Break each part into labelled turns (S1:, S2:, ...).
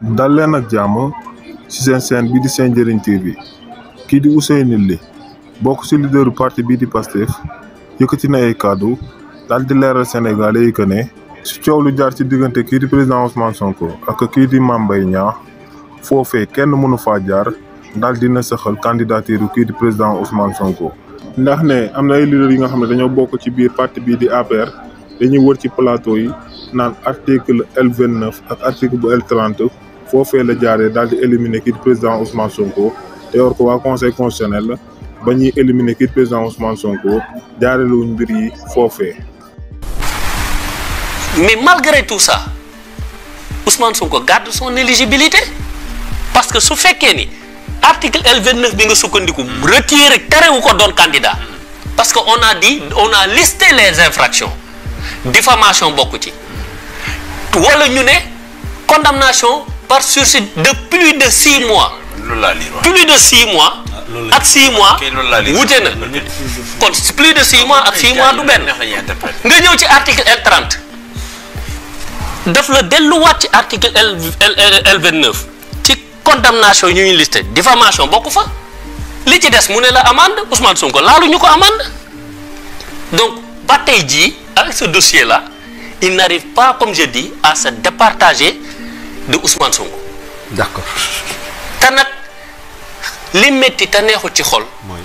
S1: dal leen ak jàmm ci seen seen bi di seen njëriñ bi kii di nit li bokk ci leaderu parti bii di Pastef yëkkati na ay kàddu daal di leeral Sénégal yi que ne ci coow lu jaar ci diggante kii di président Ousmane Sonko ak kii di Mame Mbaye Niang foofee kenn mënu faa jaar daal dina saxal candidature kii di président Ousmane Sonko. ndax ne am na ay leader yi nga xam ne dañoo bokk ci biir parti bii di APR dañuy wër ci plateau yi naan article L29 ak article bu l fofé la le dal di éliminer le président Ousmane Sonko et or ko wa conseil constitutionnel ba éliminer le président Ousmane Sonko il wuñ mbir yi fofé
S2: mais malgré tout ça Ousmane Sonko garde son éligibilité parce que su féké ni article L29 bi nga retirer retiré wu ko don candidat parce qu'on a dit on a listé les infractions diffamation bokku ci wala ñu né condamnation par sursis de plus de six mois. plus de six mois. à ah, six mois C'est plus de six mois à six mois du ben. nga ñëw ci article L 30. daf la delluwaat article L 29. ci condamnation une liste, diffamation beaucoup fa. li ci des mu la amende Ousmane Sonko laalu nous ko amende. donc ba avec ce dossier là il n'arrive pas comme je dis à se départager. de Ousmane Sonko d'accord té nak li metti ci xol moy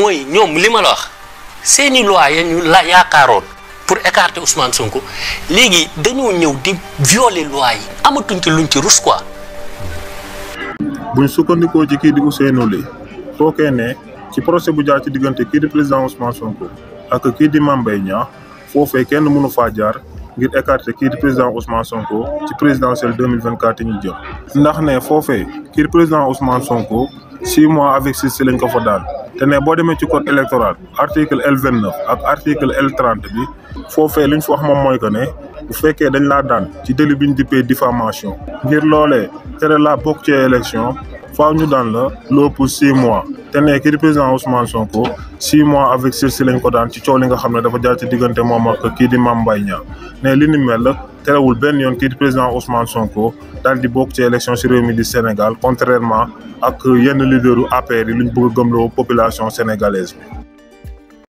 S2: moy ñom lima la wax seeni loi ya ñu la yaakaaroon pour écarter Ousmane Sonko légui dañu ñew di violer loi yi amatuñ ci luñ ci rus quoi
S1: buñ sukkandiko ci ki di Ousmane Li foké né ci procès bu jaar ci digënté ki di président Ousmane Sonko ak ki di Mambay Niang fofé kenn mënu fa jaar ngir écarter kii di président Ousmane Sonko ci présidentielle 2024 ñu jëm. ndax ne foofee kii di président Ousmane Sonko six mois avec si lañ ko fa daan te ne boo demee ci code électoral article L vingt neuf ak article L bi foofee li ñu fa wax moom mooy que ne bu fekkee dañ laa daan ci délit bi ñu dippee diffamation ngir loolee tere la bokk ci élection faaw ñu daan la lóopu six mois. te ne kii di président Ousmane Sonko six mois avec sursis ko daan ci coow nga xam ne dafa jaar ci diggante moom ak kii di Mame ne li ni mel terewul benn yoon kii di président Ousmane Sonko daal di bokk ci élection si réew mi Sénégal contrairement ak yenn leaderu APR yi luñ bëgg a population sénégalaise bi